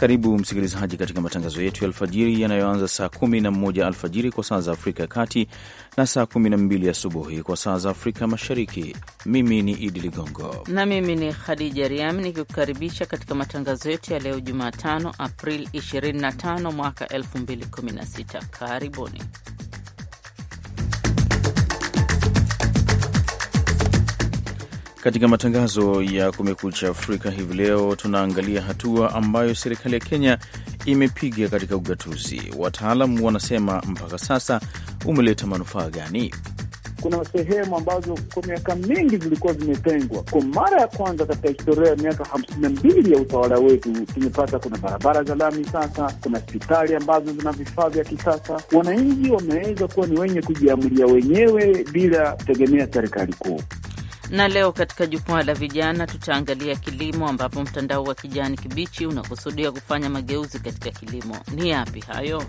Karibu msikilizaji katika matangazo yetu ya alfajiri yanayoanza saa na moja alfajiri kwa saa za Afrika ya Kati na saa 12 asubuhi kwa saa za Afrika Mashariki. Mimi ni Idi Ligongo na mimi ni Khadija Riami nikikukaribisha katika matangazo yetu ya leo Jumatano, april 25 mwaka 2016. Karibuni Katika matangazo ya Kumekucha Afrika hivi leo, tunaangalia hatua ambayo serikali ya Kenya imepiga katika ugatuzi. Wataalam wanasema mpaka sasa umeleta manufaa gani? Kuna sehemu ambazo kwa miaka mingi zilikuwa zimetengwa. Kwa mara ya kwanza katika historia ya miaka hamsini na mbili ya utawala wetu tumepata, kuna barabara za lami sasa, kuna hospitali ambazo zina vifaa vya kisasa. Wananchi wameweza kuwa ni wenye kujiamulia wenyewe bila kutegemea serikali kuu. Na leo katika jukwaa la vijana tutaangalia kilimo, ambapo mtandao wa kijani kibichi unakusudia kufanya mageuzi katika kilimo. Ni yapi hayo?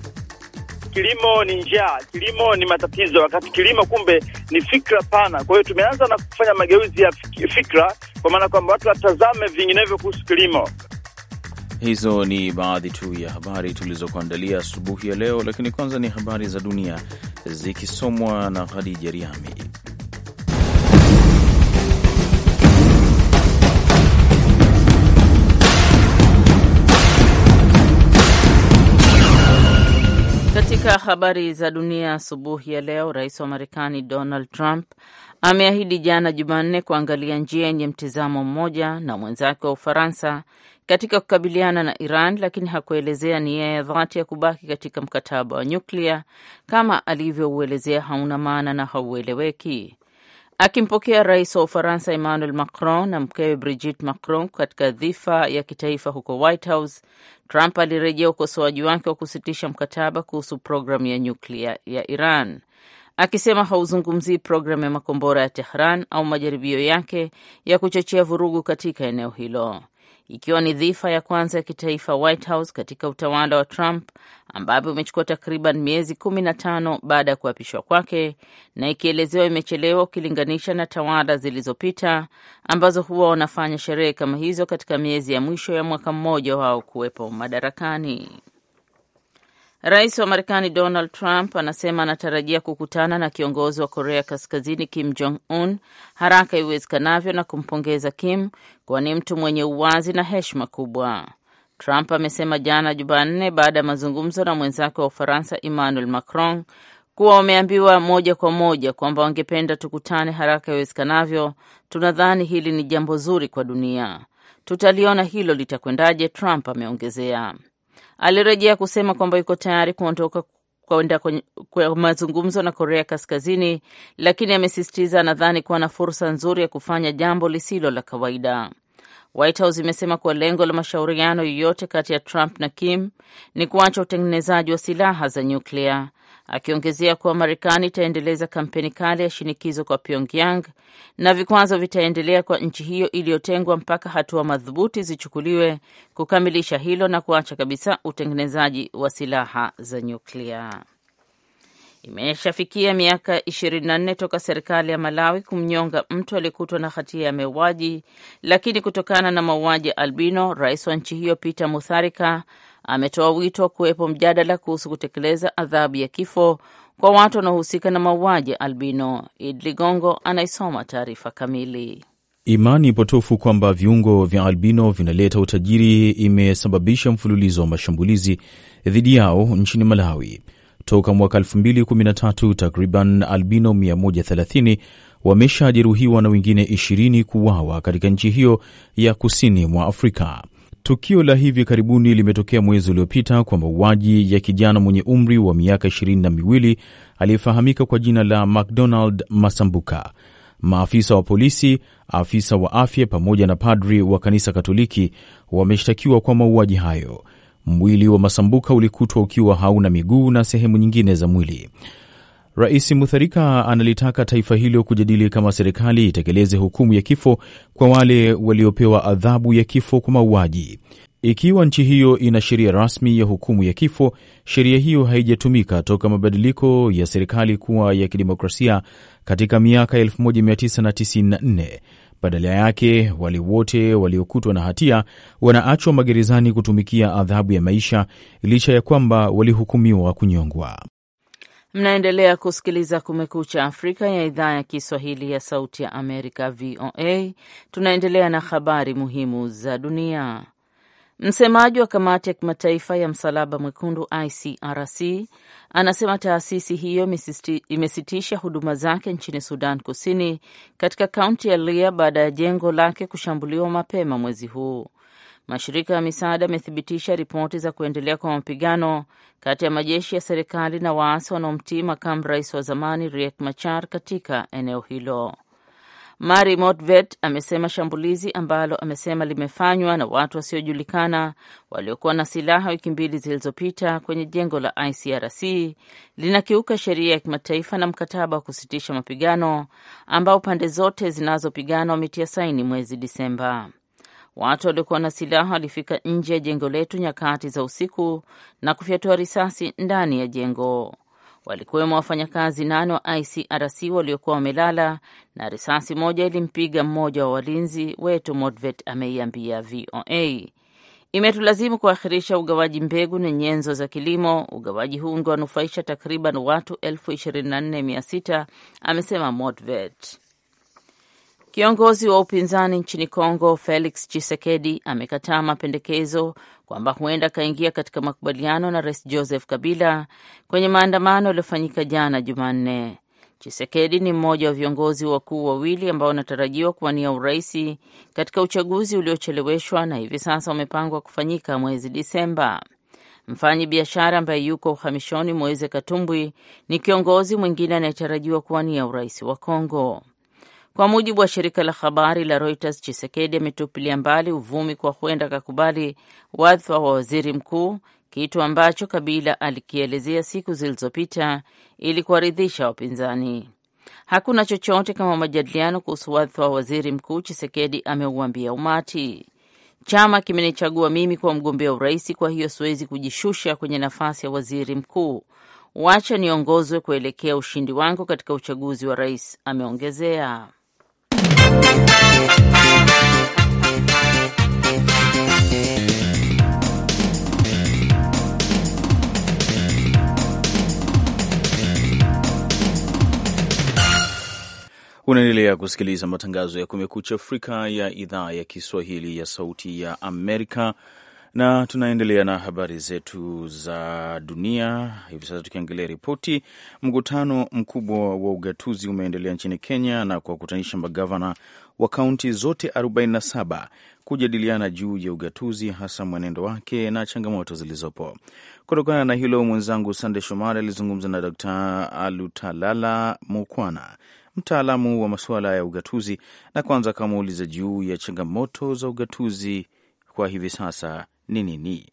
Kilimo ni njaa, kilimo ni matatizo, wakati kilimo kumbe ni fikra pana. Kwa hiyo tumeanza na kufanya mageuzi ya fikra, kwa maana kwamba watu watazame vinginevyo kuhusu kilimo. Hizo ni baadhi tu ya habari tulizokuandalia asubuhi ya leo, lakini kwanza ni habari za dunia zikisomwa na Hadija Riami. Katika habari za dunia asubuhi ya leo, rais wa Marekani Donald Trump ameahidi jana Jumanne kuangalia njia yenye mtizamo mmoja na mwenzake wa Ufaransa katika kukabiliana na Iran, lakini hakuelezea nia ya dhati ya kubaki katika mkataba wa nyuklia kama alivyouelezea hauna maana na haueleweki. Akimpokea rais wa Ufaransa Emmanuel Macron na mkewe Brigitte Macron katika dhifa ya kitaifa huko White House, Trump alirejea ukosoaji wake wa kusitisha mkataba kuhusu programu ya nyuklia ya Iran akisema hauzungumzii programu ya makombora ya Tehran au majaribio yake ya kuchochea vurugu katika eneo hilo ikiwa ni dhifa ya kwanza ya kitaifa White House katika utawala wa Trump, ambapo imechukua takriban miezi kumi na tano baada ya kuapishwa kwake na ikielezewa imechelewa ukilinganisha na tawala zilizopita ambazo huwa wanafanya sherehe kama hizo katika miezi ya mwisho ya mwaka mmoja wao kuwepo madarakani. Rais wa Marekani Donald Trump anasema anatarajia kukutana na kiongozi wa Korea Kaskazini Kim Jong Un haraka iwezekanavyo na kumpongeza Kim kuwa ni mtu mwenye uwazi na heshima kubwa. Trump amesema jana Jumanne baada ya mazungumzo na mwenzake wa Ufaransa Emmanuel Macron kuwa wameambiwa moja kwa moja kwamba wangependa tukutane haraka iwezekanavyo. Tunadhani hili ni jambo zuri kwa dunia, tutaliona hilo litakwendaje, Trump ameongezea. Alirejea kusema kwamba yuko tayari kuondoka kwenda kwa mazungumzo na Korea Kaskazini, lakini amesisitiza anadhani kuwa na fursa nzuri ya kufanya jambo lisilo la kawaida. White House imesema kuwa lengo la mashauriano yoyote kati ya Trump na Kim ni kuacha utengenezaji wa silaha za nyuklia akiongezea kuwa Marekani itaendeleza kampeni kali ya shinikizo kwa Pyongyang na vikwazo vitaendelea kwa nchi hiyo iliyotengwa mpaka hatua madhubuti zichukuliwe kukamilisha hilo na kuacha kabisa utengenezaji wa silaha za nyuklia. Imeshafikia miaka 24 toka serikali ya Malawi kumnyonga mtu aliyekutwa na hatia ya mauaji, lakini kutokana na mauaji ya albino, rais wa nchi hiyo Peter Mutharika ametoa wito wa kuwepo mjadala kuhusu kutekeleza adhabu ya kifo kwa watu wanaohusika na mauaji albino. Id Ligongo anaisoma taarifa kamili. Imani potofu kwamba viungo vya albino vinaleta utajiri imesababisha mfululizo wa mashambulizi dhidi yao nchini Malawi. Toka mwaka 2013 takriban albino 130 wameshajeruhiwa na wengine 20 kuuawa katika nchi hiyo ya kusini mwa Afrika. Tukio la hivi karibuni limetokea mwezi uliopita kwa mauaji ya kijana mwenye umri wa miaka ishirini na miwili aliyefahamika kwa jina la McDonald Masambuka. Maafisa wa polisi, afisa wa afya pamoja na padri wa kanisa Katoliki wameshtakiwa kwa mauaji hayo. Mwili wa Masambuka ulikutwa ukiwa hauna miguu na sehemu nyingine za mwili. Rais Mutharika analitaka taifa hilo kujadili kama serikali itekeleze hukumu ya kifo kwa wale waliopewa adhabu ya kifo kwa mauaji. Ikiwa nchi hiyo ina sheria rasmi ya hukumu ya kifo, sheria hiyo haijatumika toka mabadiliko ya serikali kuwa ya kidemokrasia katika miaka 1994. Badala yake wale wote waliokutwa na hatia wanaachwa magerezani kutumikia adhabu ya maisha licha ya kwamba walihukumiwa kunyongwa. Mnaendelea kusikiliza Kumekucha Afrika ya idhaa ya Kiswahili ya Sauti ya Amerika, VOA. Tunaendelea na habari muhimu za dunia. Msemaji wa Kamati ya Kimataifa ya Msalaba Mwekundu, ICRC, anasema taasisi hiyo imesitisha huduma zake nchini Sudan Kusini, katika kaunti ya Lia baada ya jengo lake kushambuliwa mapema mwezi huu. Mashirika ya misaada yamethibitisha ripoti za kuendelea kwa mapigano kati ya majeshi ya serikali na waasi wanaomtii makamu rais wa zamani Riek Machar katika eneo hilo. Mari Motvet amesema shambulizi ambalo amesema limefanywa na watu wasiojulikana waliokuwa na silaha wiki mbili zilizopita kwenye jengo la ICRC linakiuka sheria ya kimataifa na mkataba wa kusitisha mapigano ambao pande zote zinazopigana wametia saini mwezi Disemba. Watu waliokuwa na silaha walifika nje ya jengo letu nyakati za usiku na kufyatua risasi ndani ya jengo. Walikuwemo wafanyakazi nane wa ICRC waliokuwa wamelala, na risasi moja ilimpiga mmoja wa walinzi wetu, Modvet ameiambia VOA. Imetulazimu kuakhirisha ugawaji mbegu na nyenzo za kilimo. Ugawaji huu ungewanufaisha takriban watu elfu ishirini amesema Modvet. Kiongozi wa upinzani nchini Kongo Felix chisekedi amekataa mapendekezo kwamba huenda akaingia katika makubaliano na Rais Joseph Kabila kwenye maandamano yaliyofanyika jana Jumanne. chisekedi ni mmoja wa viongozi wakuu wawili ambao wanatarajiwa kuwania uraisi katika uchaguzi uliocheleweshwa na hivi sasa umepangwa kufanyika mwezi Disemba. Mfanyi biashara ambaye yuko uhamishoni Moise katumbwi ni kiongozi mwingine anayetarajiwa kuwania urais wa Kongo. Kwa mujibu wa shirika la habari la Reuters, Chisekedi ametupilia mbali uvumi kwa huenda akakubali wadhifa wa waziri mkuu, kitu ambacho Kabila alikielezea siku zilizopita ili kuwaridhisha wapinzani. Hakuna chochote kama majadiliano kuhusu wadhifa wa waziri mkuu, Chisekedi ameuambia umati. Chama kimenichagua mimi kuwa mgombea urais, kwa hiyo siwezi kujishusha kwenye nafasi ya waziri mkuu. Wacha niongozwe kuelekea ushindi wangu katika uchaguzi wa rais, ameongezea. Unaendelea kusikiliza matangazo ya Kumekucha Afrika ya idhaa ya Kiswahili ya Sauti ya Amerika na tunaendelea na habari zetu za dunia hivi sasa, tukiangalia ripoti. Mkutano mkubwa wa ugatuzi umeendelea nchini Kenya na kuwakutanisha magavana wa kaunti zote 47 kujadiliana juu ya ugatuzi, hasa mwenendo wake na changamoto zilizopo. Kutokana na hilo, mwenzangu Sande Shomari alizungumza na Dkt Alutalala Mukwana, mtaalamu wa masuala ya ugatuzi, na kwanza akamuuliza juu ya changamoto za ugatuzi kwa hivi sasa ni nini?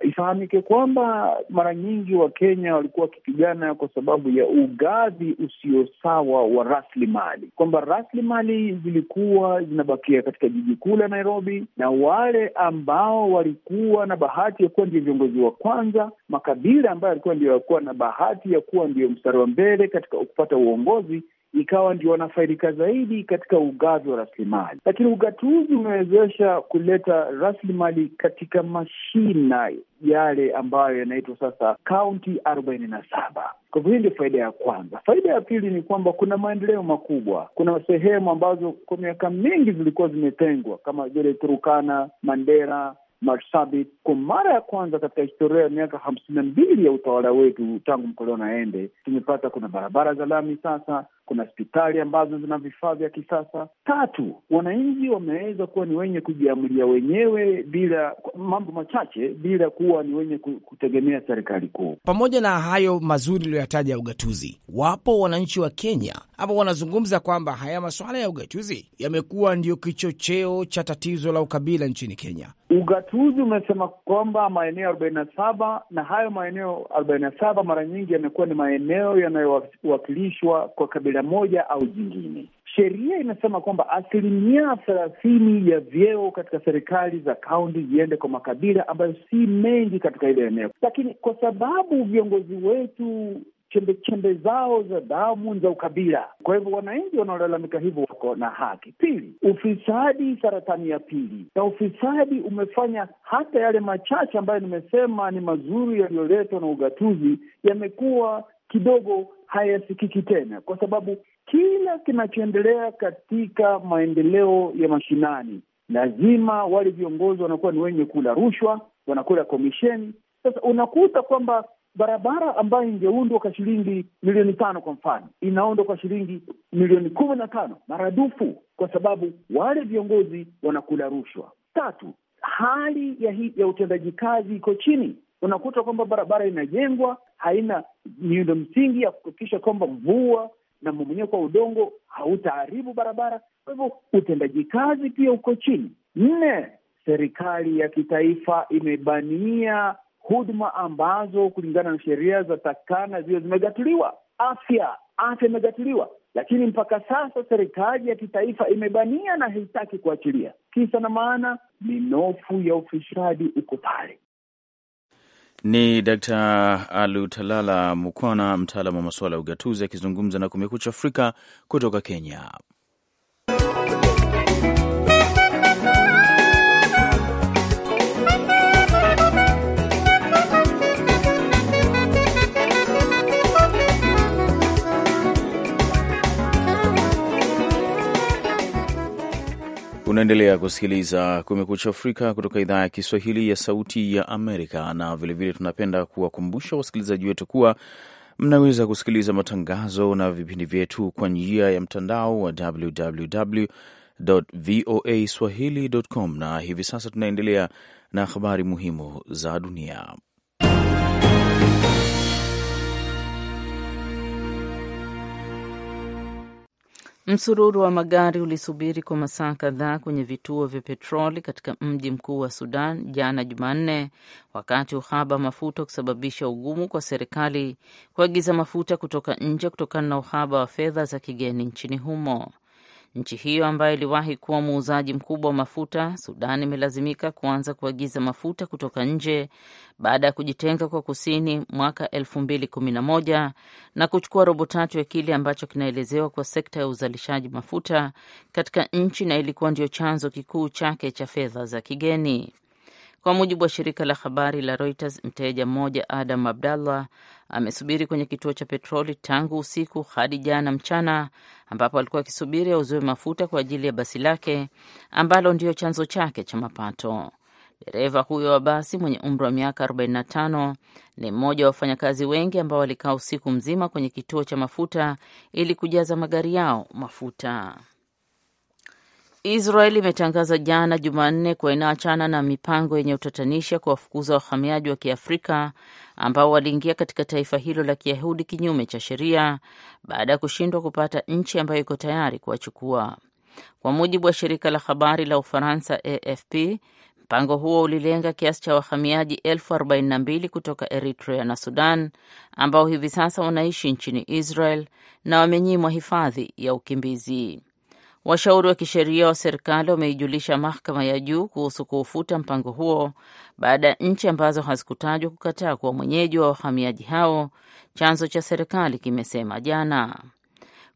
Ifahamike kwamba mara nyingi Wakenya walikuwa wakipigana kwa sababu ya ugavi usio sawa wa rasilimali, kwamba rasilimali zilikuwa zinabakia katika jiji kuu la Nairobi, na wale ambao walikuwa na bahati ya kuwa ndio viongozi wa kwanza, makabila ambayo yalikuwa ndio yakuwa na bahati ya kuwa ndio mstari wa mbele katika kupata uongozi ikawa ndio wanafaidika zaidi katika ugavi wa rasilimali, lakini ugatuzi umewezesha kuleta rasilimali katika mashina yale ambayo yanaitwa sasa kaunti arobaini na saba. Kwa hivyo hii ndio faida ya kwanza. Faida ya pili ni kwamba kuna maendeleo makubwa. Kuna sehemu ambazo kwa miaka mingi zilikuwa zimetengwa kama vile Turukana, Mandera, Marsabit. Kwa mara ya kwanza katika historia ya miaka hamsini na mbili ya utawala wetu tangu mkoloni aende, tumepata kuna barabara za lami sasa kuna hospitali ambazo zina vifaa vya kisasa. Tatu, wananchi wameweza kuwa ni wenye kujiamulia wenyewe bila mambo machache, bila kuwa ni wenye kutegemea serikali kuu. Pamoja na hayo mazuri iliyoyataja ya ugatuzi, wapo wananchi wa Kenya ambao wanazungumza kwamba haya masuala ya ugatuzi yamekuwa ndiyo kichocheo cha tatizo la ukabila nchini Kenya. Ugatuzi umesema kwamba maeneo arobaini na saba na hayo maeneo arobaini na saba mara nyingi yamekuwa ni maeneo yanayowakilishwa kwa kabila la moja au jingine. Sheria inasema kwamba asilimia thelathini ya vyeo katika serikali za kaunti ziende kwa makabila ambayo si mengi katika ile eneo, lakini kwa sababu viongozi wetu chembechembe zao za damu za ukabila. Kwa hivyo wananchi wanaolalamika hivyo wako na haki. Pili, ufisadi, saratani ya pili, na ufisadi umefanya hata yale machache ambayo nimesema ni mazuri yaliyoletwa na ugatuzi yamekuwa kidogo hayasikiki tena, kwa sababu kila kinachoendelea katika maendeleo ya mashinani, lazima wale viongozi wanakuwa ni wenye kula rushwa, wanakula komisheni. Sasa unakuta kwamba barabara ambayo ingeundwa kwa shilingi milioni tano kwa mfano inaundwa kwa shilingi milioni kumi na tano maradufu, kwa sababu wale viongozi wanakula rushwa. Tatu, hali ya, ya utendaji kazi iko chini. Unakuta kwamba barabara inajengwa haina miundo msingi ya kuhakikisha kwamba mvua na mmomonyoko wa udongo hautaharibu barabara. Kwa hivyo utendaji kazi pia uko chini. Nne, serikali ya kitaifa imebania huduma ambazo kulingana na sheria za takana ziwe zimegatuliwa. Afya, afya imegatuliwa, lakini mpaka sasa serikali ya kitaifa imebania na haitaki kuachilia. Kisa na maana minofu ya ufisadi uko pale. Ni Dkt. Alutalala Mukwana, mtaalamu wa masuala ya ugatuzi, akizungumza na Kumekucha Afrika kutoka Kenya. Unaendelea kusikiliza Kumekucha Afrika kutoka idhaa ya Kiswahili ya Sauti ya Amerika, na vilevile vile tunapenda kuwakumbusha wasikilizaji wetu kuwa mnaweza kusikiliza matangazo na vipindi vyetu kwa njia ya mtandao wa www voa swahili.com, na hivi sasa tunaendelea na habari muhimu za dunia. Msururu wa magari ulisubiri kwa masaa kadhaa kwenye vituo vya petroli katika mji mkuu wa Sudan jana Jumanne, wakati uhaba wa mafuta kusababisha ugumu kwa serikali kuagiza mafuta kutoka nje kutokana na uhaba wa fedha za kigeni nchini humo. Nchi hiyo ambayo iliwahi kuwa muuzaji mkubwa wa mafuta, Sudan imelazimika kuanza kuagiza mafuta kutoka nje baada ya kujitenga kwa kusini mwaka elfu na na kuchukua robo tatu ya kile ambacho kinaelezewa kwa sekta ya uzalishaji mafuta katika nchi na ilikuwa ndio chanzo kikuu chake cha fedha za kigeni. Kwa mujibu wa shirika la habari la Reuters, mteja mmoja Adam Abdallah amesubiri kwenye kituo cha petroli tangu usiku hadi jana mchana, ambapo alikuwa akisubiri auziwe mafuta kwa ajili ya basi lake ambalo ndiyo chanzo chake cha mapato. Dereva huyo wa basi mwenye umri wa miaka 45 ni mmoja wa wafanyakazi wengi ambao walikaa usiku mzima kwenye kituo cha mafuta ili kujaza magari yao mafuta. Israel imetangaza jana Jumanne kuwa inaachana na mipango yenye utatanishi ya kuwafukuza wahamiaji wa Kiafrika ambao waliingia katika taifa hilo la Kiyahudi kinyume cha sheria baada ya kushindwa kupata nchi ambayo iko tayari kuwachukua. Kwa mujibu wa shirika la habari la Ufaransa AFP, mpango huo ulilenga kiasi cha wahamiaji elfu arobaini na mbili kutoka Eritrea na Sudan ambao hivi sasa wanaishi nchini Israel na wamenyimwa hifadhi ya ukimbizi. Washauri wa kisheria wa serikali wameijulisha mahakama ya juu kuhusu kuufuta mpango huo baada ya nchi ambazo hazikutajwa kukataa kuwa mwenyeji wa wahamiaji hao, chanzo cha serikali kimesema jana.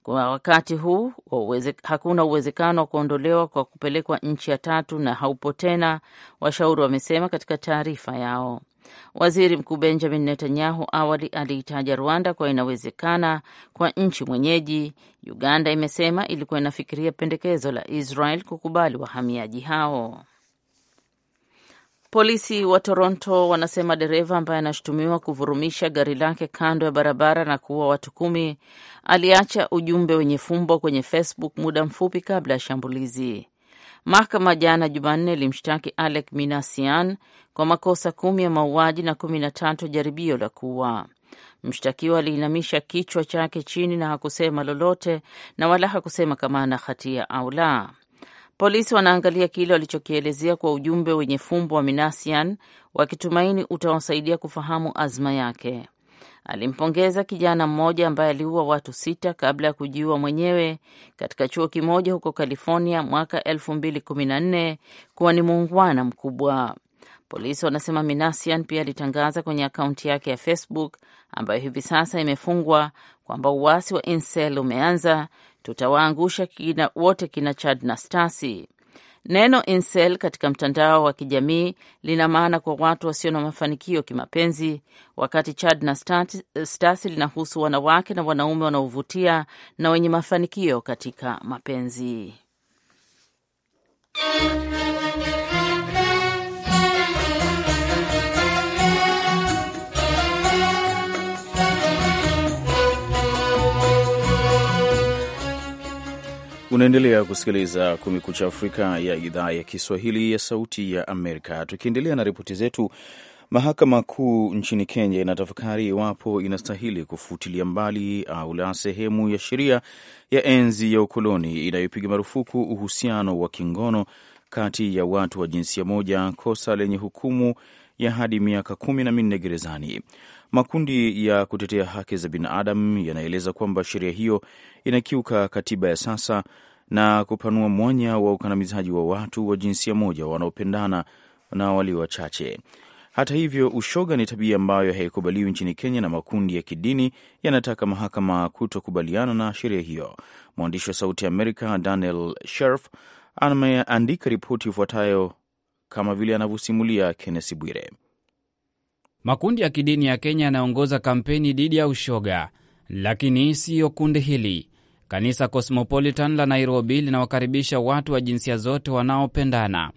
Kwa wakati huu uweze, hakuna uwezekano wa kuondolewa kwa kupelekwa nchi ya tatu na haupo tena, washauri wamesema katika taarifa yao. Waziri Mkuu Benjamin Netanyahu awali aliitaja Rwanda kuwa inawezekana kwa nchi mwenyeji. Uganda imesema ilikuwa inafikiria pendekezo la Israel kukubali wahamiaji hao. Polisi wa Toronto wanasema dereva ambaye anashutumiwa kuvurumisha gari lake kando ya barabara na kuua watu kumi aliacha ujumbe wenye fumbo kwenye Facebook muda mfupi kabla ya shambulizi. Mahakama jana Jumanne ilimshtaki Alek Minasian kwa makosa kumi ya mauaji na kumi na tatu jaribio la kuua. Mshtakiwa aliinamisha kichwa chake chini na hakusema lolote na wala hakusema kama ana hatia au la. Polisi wanaangalia kile walichokielezea kwa ujumbe wenye fumbo wa Minasian wakitumaini utawasaidia kufahamu azma yake alimpongeza kijana mmoja ambaye aliua watu sita kabla ya kujiua mwenyewe katika chuo kimoja huko California mwaka 2014 kuwa ni muungwana mkubwa. Polisi wanasema Minasian pia alitangaza kwenye akaunti yake ya Facebook ambayo hivi sasa imefungwa kwamba uasi wa incel umeanza, tutawaangusha kina wote, kina Chad na Stasi. Neno incel katika mtandao wa kijamii lina maana kwa watu wasio na mafanikio kimapenzi, wakati Chad na Stasi linahusu wanawake na wanaume wanaovutia na wenye mafanikio katika mapenzi. Unaendelea kusikiliza Kumekucha Afrika ya idhaa ya Kiswahili ya Sauti ya Amerika. Tukiendelea na ripoti zetu, mahakama kuu nchini Kenya inatafakari iwapo inastahili kufutilia mbali au la sehemu ya sheria ya enzi ya ukoloni inayopiga marufuku uhusiano wa kingono kati ya watu wa jinsia moja, kosa lenye hukumu ya hadi miaka kumi na minne gerezani. Makundi ya kutetea haki za binadamu yanaeleza kwamba sheria hiyo inakiuka katiba ya sasa na kupanua mwanya wa ukandamizaji wa watu wa jinsia moja wanaopendana na walio wachache. Hata hivyo, ushoga ni tabia ambayo haikubaliwi nchini Kenya na makundi ya kidini yanataka mahakama kutokubaliana na sheria hiyo. Mwandishi wa Sauti ya Amerika Daniel Sherf ameandika ripoti ifuatayo kama vile anavyosimulia Kennesi Bwire. Makundi ya kidini ya Kenya yanaongoza kampeni dhidi ya ushoga, lakini siyo kundi hili. Kanisa Cosmopolitan la Nairobi linawakaribisha watu wa jinsia zote wanaopendana.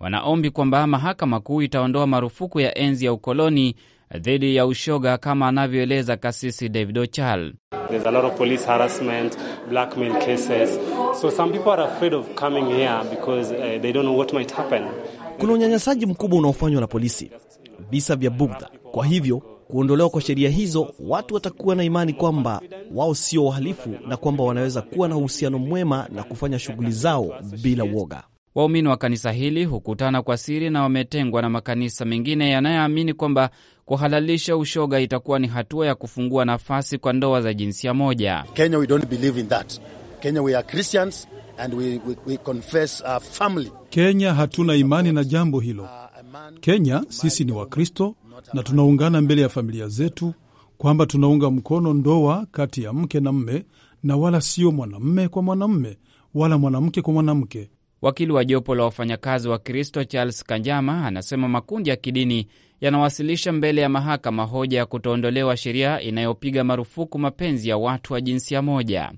Wanaombi kwamba mahakama kuu itaondoa marufuku ya enzi ya ukoloni dhidi ya ushoga kama anavyoeleza kasisi David Ochal. Uh, Kuna unyanyasaji mkubwa unaofanywa na polisi kabisa vya bugdha. Kwa hivyo kuondolewa kwa sheria hizo, watu watakuwa na imani kwamba wao sio wahalifu na kwamba wanaweza kuwa na uhusiano mwema na kufanya shughuli zao bila woga. Waumini wa kanisa hili hukutana kwa siri na wametengwa na makanisa mengine yanayoamini kwamba kuhalalisha ushoga itakuwa ni hatua ya kufungua nafasi kwa ndoa za jinsia moja. Kenya, we don't believe in that. Kenya, we are Christians and we, we, we confess our family. Kenya hatuna imani na jambo hilo. Kenya sisi ni Wakristo na tunaungana mbele ya familia zetu kwamba tunaunga mkono ndoa kati ya mke na mme na wala sio mwanamme kwa mwanamme wala mwanamke kwa mwanamke. Wakili wa jopo la wafanyakazi wa Kristo Charles Kanjama anasema makundi ya kidini yanawasilisha mbele ya mahakama hoja ya kutoondolewa sheria inayopiga marufuku mapenzi ya watu wa jinsia moja.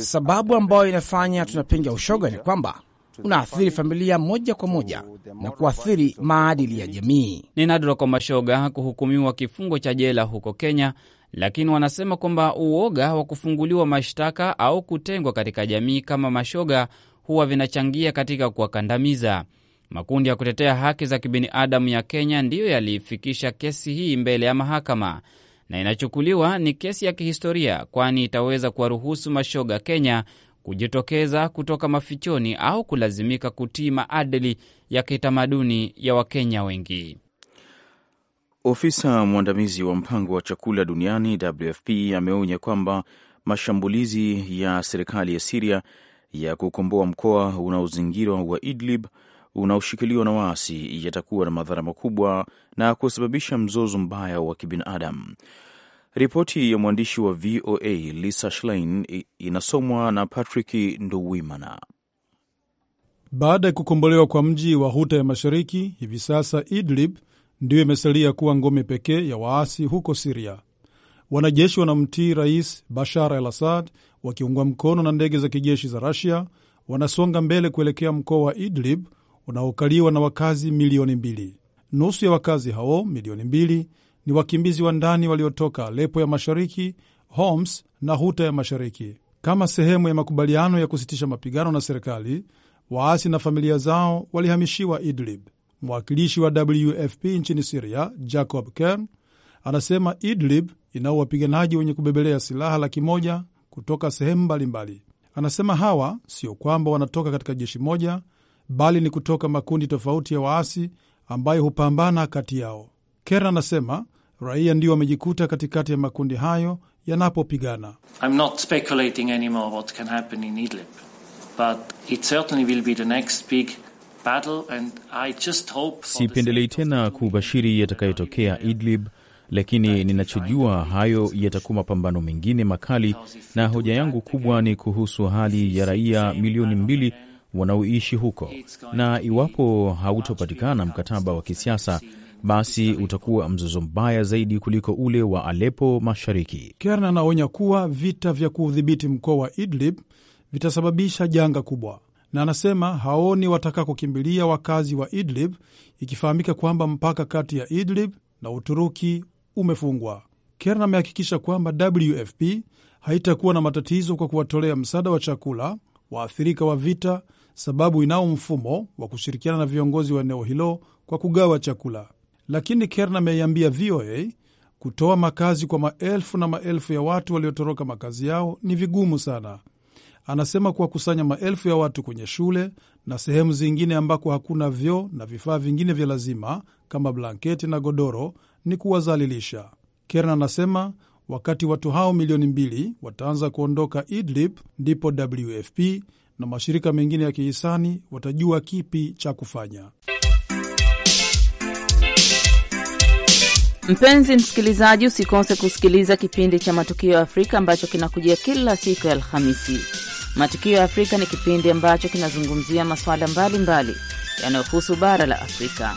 Sababu ambayo inafanya tunapinga ushoga ni kwamba unaathiri familia moja kwa moja na kuathiri maadili ya jamii. Ni nadra kwa mashoga kuhukumiwa kifungo cha jela huko Kenya, lakini wanasema kwamba uoga wa kufunguliwa mashtaka au kutengwa katika jamii kama mashoga huwa vinachangia katika kuwakandamiza. Makundi ya kutetea haki za kibinadamu ya Kenya ndiyo yaliifikisha kesi hii mbele ya mahakama na inachukuliwa ni kesi ya kihistoria, kwani itaweza kuwaruhusu mashoga Kenya kujitokeza kutoka mafichoni au kulazimika kutii maadili ya kitamaduni ya Wakenya wengi. Ofisa mwandamizi wa mpango wa chakula duniani WFP ameonya kwamba mashambulizi ya serikali ya Siria ya kukomboa mkoa unaozingirwa wa Idlib unaoshikiliwa na waasi yatakuwa na madhara makubwa na kusababisha mzozo mbaya wa kibinadamu. Ripoti ya mwandishi wa VOA Lisa Schlein inasomwa na Patrick Nduwimana. Baada ya kukombolewa kwa mji wa Huta ya Mashariki, hivi sasa Idlib ndiyo imesalia kuwa ngome pekee ya waasi huko Siria. Wanajeshi wanamtii Rais Bashar al Assad wakiungwa mkono na ndege za kijeshi za Rusia wanasonga mbele kuelekea mkoa wa Idlib unaokaliwa na wakazi milioni mbili. Nusu ya wakazi hao milioni mbili ni wakimbizi wa ndani waliotoka Alepo ya mashariki, Homs na Huta ya mashariki. Kama sehemu ya makubaliano ya kusitisha mapigano na serikali, waasi na familia zao walihamishiwa Idlib. Mwakilishi wa WFP nchini Siria, Jacob Kern, anasema Idlib inao wapiganaji wenye kubebelea silaha laki moja kutoka sehemu mbalimbali. Anasema hawa sio kwamba wanatoka katika jeshi moja, bali ni kutoka makundi tofauti ya waasi ambayo hupambana kati yao. Kera anasema raia ndio wamejikuta katikati ya makundi hayo yanapopigana. Sipendelei tena kubashiri yatakayotokea Idlib, lakini ninachojua hayo yatakuwa mapambano mengine makali, na hoja yangu kubwa ni kuhusu hali ya raia milioni mbili wanaoishi huko, na iwapo hautopatikana mkataba wa kisiasa basi utakuwa mzozo mbaya zaidi kuliko ule wa Alepo Mashariki. Kern anaonya kuwa vita vya kuudhibiti mkoa wa Idlib vitasababisha janga kubwa, na anasema haoni watakakokimbilia wakazi wa Idlib, ikifahamika kwamba mpaka kati ya Idlib na Uturuki umefungwa. Kern amehakikisha kwamba WFP haitakuwa na matatizo kwa kuwatolea msaada wa chakula waathirika wa vita, sababu inao mfumo wa kushirikiana na viongozi wa eneo hilo kwa kugawa chakula. Lakini Kern ameiambia VOA kutoa makazi kwa maelfu na maelfu ya watu waliotoroka makazi yao ni vigumu sana. Anasema kuwakusanya maelfu ya watu kwenye shule na sehemu zingine ambako hakuna vyoo na vifaa vingine vya lazima kama blanketi na godoro ni kuwazalilisha. Kern anasema wakati watu hao milioni mbili wataanza kuondoka Idlib, ndipo WFP na mashirika mengine ya kihisani watajua kipi cha kufanya. Mpenzi msikilizaji, usikose kusikiliza kipindi cha Matukio ya Afrika ambacho kinakujia kila siku ya Alhamisi. Matukio ya Afrika ni kipindi ambacho kinazungumzia masuala mbalimbali yanayohusu bara la Afrika.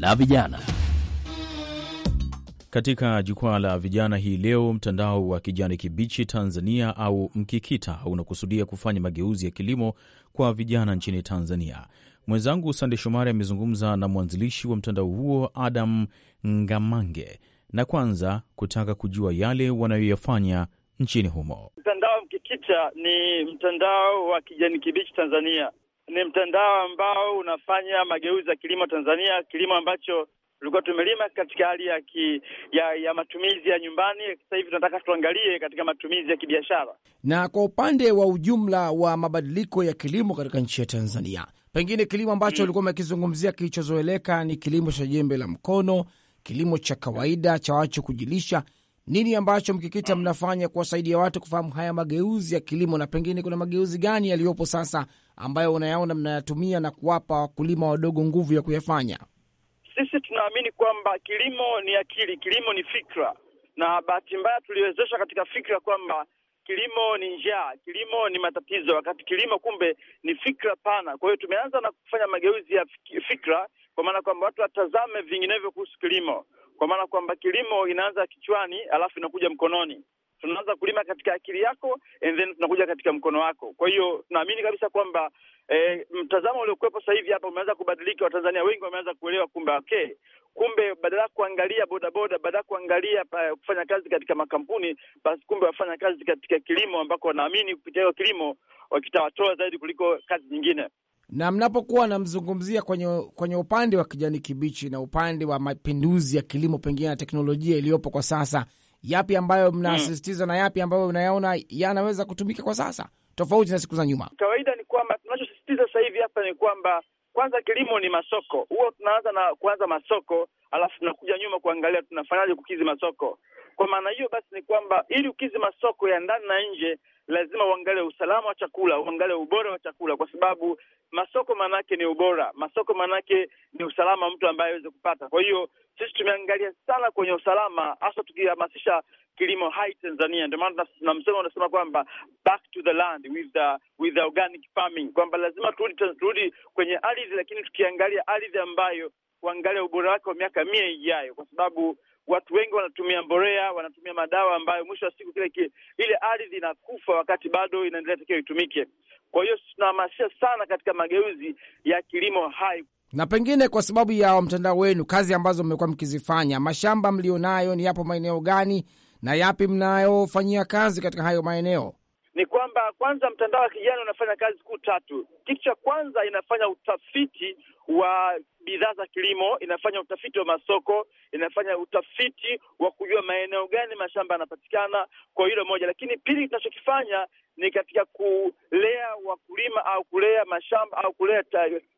la vijana. Katika jukwaa la vijana hii leo, mtandao wa kijani kibichi Tanzania au Mkikita unakusudia kufanya mageuzi ya kilimo kwa vijana nchini Tanzania. Mwenzangu Sande Shomari amezungumza na mwanzilishi wa mtandao huo Adam Ngamange, na kwanza kutaka kujua yale wanayoyafanya nchini humo. Mtandao Mkikita ni mtandao wa kijani kibichi Tanzania ni mtandao ambao unafanya mageuzi ya kilimo Tanzania, kilimo ambacho tulikuwa tumelima katika hali ya, ki, ya ya matumizi ya nyumbani, sasa hivi tunataka tuangalie katika matumizi ya kibiashara. Na kwa upande wa ujumla wa mabadiliko ya kilimo katika nchi ya Tanzania, pengine kilimo ambacho mm. ulikuwa hmm, umekizungumzia kilichozoeleka ni kilimo cha jembe la mkono, kilimo cha kawaida cha wacho kujilisha. Nini ambacho mkikita mm. mnafanya kuwasaidia watu kufahamu haya mageuzi ya kilimo, na pengine kuna mageuzi gani yaliyopo sasa ambayo unayaona mnayatumia na kuwapa wakulima wadogo nguvu ya kuyafanya? Sisi tunaamini kwamba kilimo ni akili, kilimo ni fikra, na bahati mbaya tuliwezesha katika fikra kwamba kilimo ni njaa, kilimo ni matatizo, wakati kilimo kumbe ni fikra pana. Kwa hiyo tumeanza na kufanya mageuzi ya fikra, kwa maana kwamba watu watazame vinginevyo kuhusu kilimo, kwa maana kwamba kilimo inaanza kichwani, alafu inakuja mkononi tunaanza kulima katika akili yako and then tunakuja katika mkono wako. Kwa hiyo tunaamini kabisa kwamba eh, mtazamo uliokuwepo sasa hivi hapa umeanza kubadilika. Watanzania wengi wameanza kuelewa kumbe, okay, kumbe badala ya kuangalia bodaboda, badala ya kuangalia kufanya kazi katika makampuni, basi kumbe wafanya kazi katika kilimo, ambako wanaamini kupitia hiyo kilimo wakitawatoa zaidi kuliko kazi nyingine na mnapokuwa namzungumzia kwenye, kwenye upande wa kijani kibichi na upande wa mapinduzi ya kilimo pengine na teknolojia iliyopo kwa sasa, yapi ambayo mm. mnasisitiza mm, na yapi ambayo mnayaona yanaweza kutumika kwa sasa tofauti na siku za nyuma? Kawaida ni kwamba tunachosisitiza sasa hivi hapa ni kwamba kwanza kilimo ni masoko, huwa tunaanza na kuanza masoko, alafu tunakuja nyuma kuangalia tunafanyaje kukizi masoko. Kwa maana hiyo basi ni kwamba ili ukizi masoko ya ndani na nje, lazima uangalie usalama wa chakula, uangalie ubora wa chakula, kwa sababu masoko maanake ni ubora, masoko maanake ni usalama, mtu ambaye aweze kupata. Kwa hiyo sisi tumeangalia sana kwenye usalama, hasa tukihamasisha kilimo hai Tanzania. Ndio maana tunamsema unasema kwamba back to the land with the with the organic farming, kwamba lazima turudi turudi kwenye ardhi, lakini tukiangalia ardhi ambayo kuangalia ubora wake wa miaka mia ijayo, kwa sababu watu wengi wanatumia mborea, wanatumia madawa ambayo mwisho wa siku kile kile ile ardhi inakufa wakati bado inaendelea takiwa itumike. Kwa hiyo tunahamasisha sana katika mageuzi ya kilimo hai na pengine kwa sababu ya mtandao wenu, kazi ambazo mmekuwa mkizifanya, mashamba mlionayo ni yapo maeneo gani na yapi mnayofanyia kazi katika hayo maeneo? Ni kwamba kwanza, mtandao wa kijani unafanya kazi kuu tatu. Kitu cha kwanza, inafanya utafiti wa bidhaa za kilimo, inafanya utafiti wa masoko, inafanya utafiti wa kujua maeneo gani mashamba yanapatikana, kwa hilo moja. Lakini pili, tunachokifanya ni katika kulea wakulima au kulea mashamba au kulea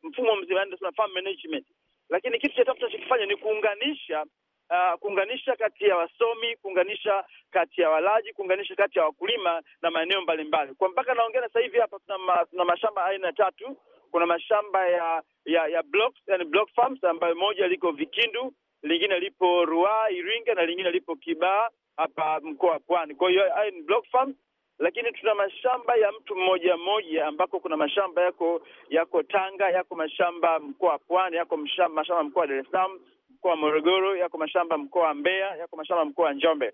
mfumo mzima, farm management. Lakini kitu cha tatu tunachokifanya ni kuunganisha uh, kuunganisha kati ya wasomi, kuunganisha kati ya walaji, kuunganisha kati ya wakulima na maeneo mbalimbali. Kwa mpaka naongea sasa hivi hapa tuna, ma, tuna mashamba aina tatu. Kuna mashamba ya ya, ya block, yani block farms ambayo moja liko Vikindu, lingine lipo Ruaha Iringa, na lingine lipo kibaa hapa mkoa wa Pwani. Kwa hiyo block farms lakini tuna mashamba ya mtu mmoja mmoja ambako kuna mashamba yako yako Tanga, yako mashamba mkoa wa Pwani, yako mashamba mkoa wa Dar es Salaam, mkoa wa Morogoro, yako mashamba mkoa wa Mbeya, yako mashamba mkoa wa Njombe.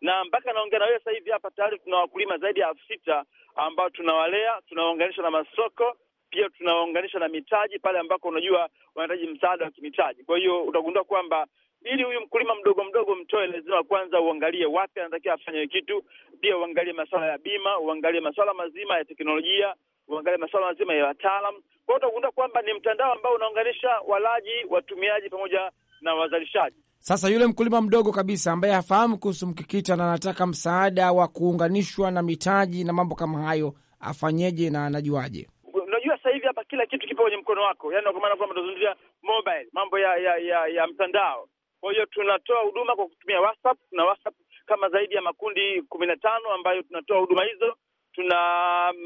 Na mpaka naongea na wewe sasa hivi hapa tayari tuna wakulima zaidi ya elfu sita ambao tunawalea, tunawaunganisha na masoko pia tunawaunganisha na mitaji pale ambako unajua wanahitaji msaada wa kimitaji. Kwa hiyo utagundua kwamba ili huyu mkulima mdogo mdogo mtoe, lazima kwanza uangalie wapi anatakiwa afanye kitu, pia uangalie masuala ya bima, uangalie masuala mazima ya teknolojia, kuangalia masuala mazima ya wataalam. Kwa hiyo utagundua kwamba ni mtandao ambao unaunganisha walaji, watumiaji pamoja na wazalishaji. Sasa yule mkulima mdogo kabisa ambaye hafahamu kuhusu mkikita na anataka msaada wa kuunganishwa na mitaji na mambo kama hayo, afanyeje na anajuaje? Unajua, sasa hivi hapa kila kitu kipo kwenye mkono wako, yaani kwa maana kwamba tunazungumzia mobile, mambo ya ya, ya, ya mtandao. Kwa hiyo tunatoa huduma kwa kutumia WhatsApp, tuna WhatsApp kama zaidi ya makundi kumi na tano ambayo tunatoa huduma hizo tuna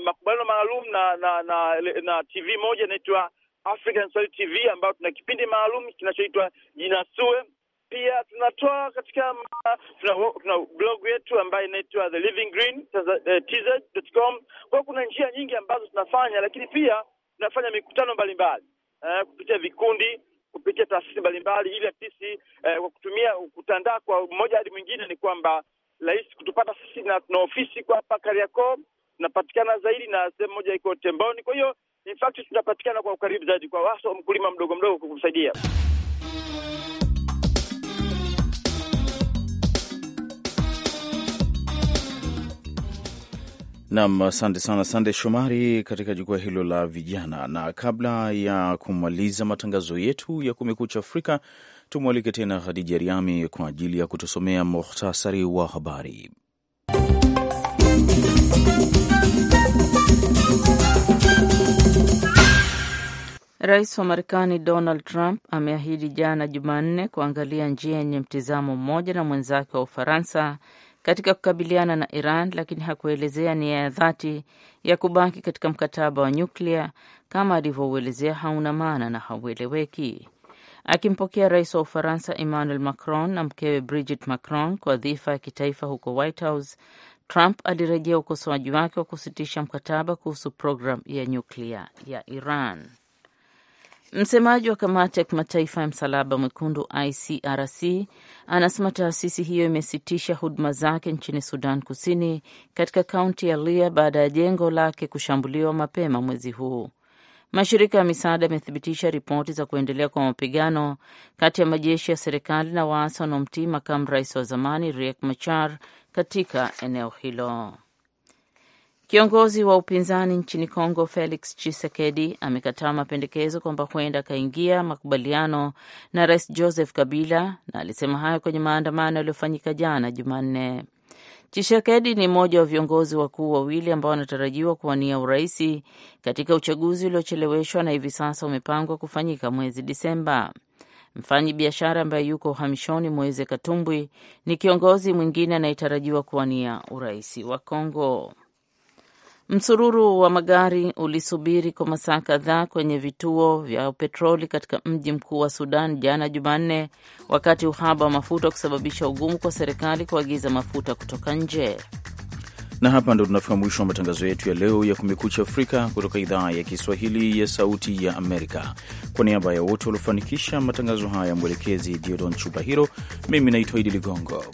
makubaliano maalum na na, na na TV moja inaitwa African Swahili TV ambayo tuna kipindi maalum kinachoitwa Jinasue. Pia tunatoa katika tuna, tuna blog yetu ambayo inaitwa The Living Green tz.com. Eh, kwa kuna njia nyingi ambazo tunafanya, lakini pia tunafanya mikutano mbalimbali mbali, eh, kupitia vikundi kupitia taasisi mbalimbali ili sisi eh, kwa kutumia kutandaa kwa mmoja hadi mwingine, ni kwamba rahisi kutupata sisi, na tuna ofisi kwa hapa Kariakoo tunapatikana zaidi na sehemu moja iko Temboni. Kwa hiyo in fact tunapatikana kwa ukaribu zaidi kwa waso mkulima mdogo mdogo kukusaidia Nam, asante sana Sande Shomari katika jukwaa hilo la vijana. Na kabla ya kumaliza matangazo yetu ya Kumekucha Afrika, tumwalike tena Khadija Riami kwa ajili ya kutusomea muhtasari wa habari. Rais wa Marekani Donald Trump ameahidi jana Jumanne kuangalia njia yenye mtizamo mmoja na mwenzake wa Ufaransa katika kukabiliana na Iran, lakini hakuelezea nia ya dhati ya kubaki katika mkataba wa nyuklia kama alivyouelezea hauna maana na haueleweki. Akimpokea rais wa Ufaransa Emmanuel Macron na mkewe Brigitte Macron kwa dhifa ya kitaifa huko White House, Trump alirejea ukosoaji wake wa kusitisha mkataba kuhusu programu ya nyuklia ya Iran. Msemaji wa kamati ya kimataifa ya msalaba mwekundu ICRC anasema taasisi hiyo imesitisha huduma zake nchini Sudan Kusini, katika kaunti ya Lia baada ya jengo lake kushambuliwa mapema mwezi huu. Mashirika ya misaada yamethibitisha ripoti za kuendelea kwa mapigano kati ya majeshi ya serikali na waasi wanaomtii makamu rais wa zamani Riek Machar katika eneo hilo. Kiongozi wa upinzani nchini Kongo Felix chisekedi amekataa mapendekezo kwamba huenda akaingia makubaliano na Rais Joseph Kabila na alisema hayo kwenye maandamano yaliyofanyika jana Jumanne. chisekedi ni mmoja wa viongozi wakuu wawili ambao wanatarajiwa kuwania uraisi katika uchaguzi uliocheleweshwa na hivi sasa umepangwa kufanyika mwezi Disemba. Mfanyi biashara ambaye yuko uhamishoni Moise katumbwi ni kiongozi mwingine anayetarajiwa kuwania uraisi wa Kongo. Msururu wa magari ulisubiri kwa masaa kadhaa kwenye vituo vya petroli katika mji mkuu wa Sudan jana Jumanne, wakati uhaba wa mafuta kusababisha ugumu kwa serikali kuagiza mafuta kutoka nje. Na hapa ndo tunafika mwisho wa matangazo yetu ya leo ya Kumekucha Afrika kutoka idhaa ya Kiswahili ya Sauti ya Amerika. Kwa niaba ya wote waliofanikisha matangazo haya, mwelekezi Diodon Chubahiro, mimi naitwa Idi Ligongo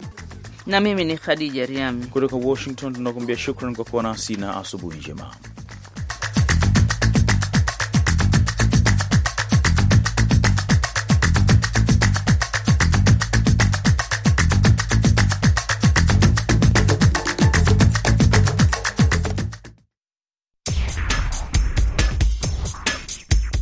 na mimi ni Khadija Riami kutoka Washington. Tunakuambia shukran kwa kuwa nasi na asubuhi njema.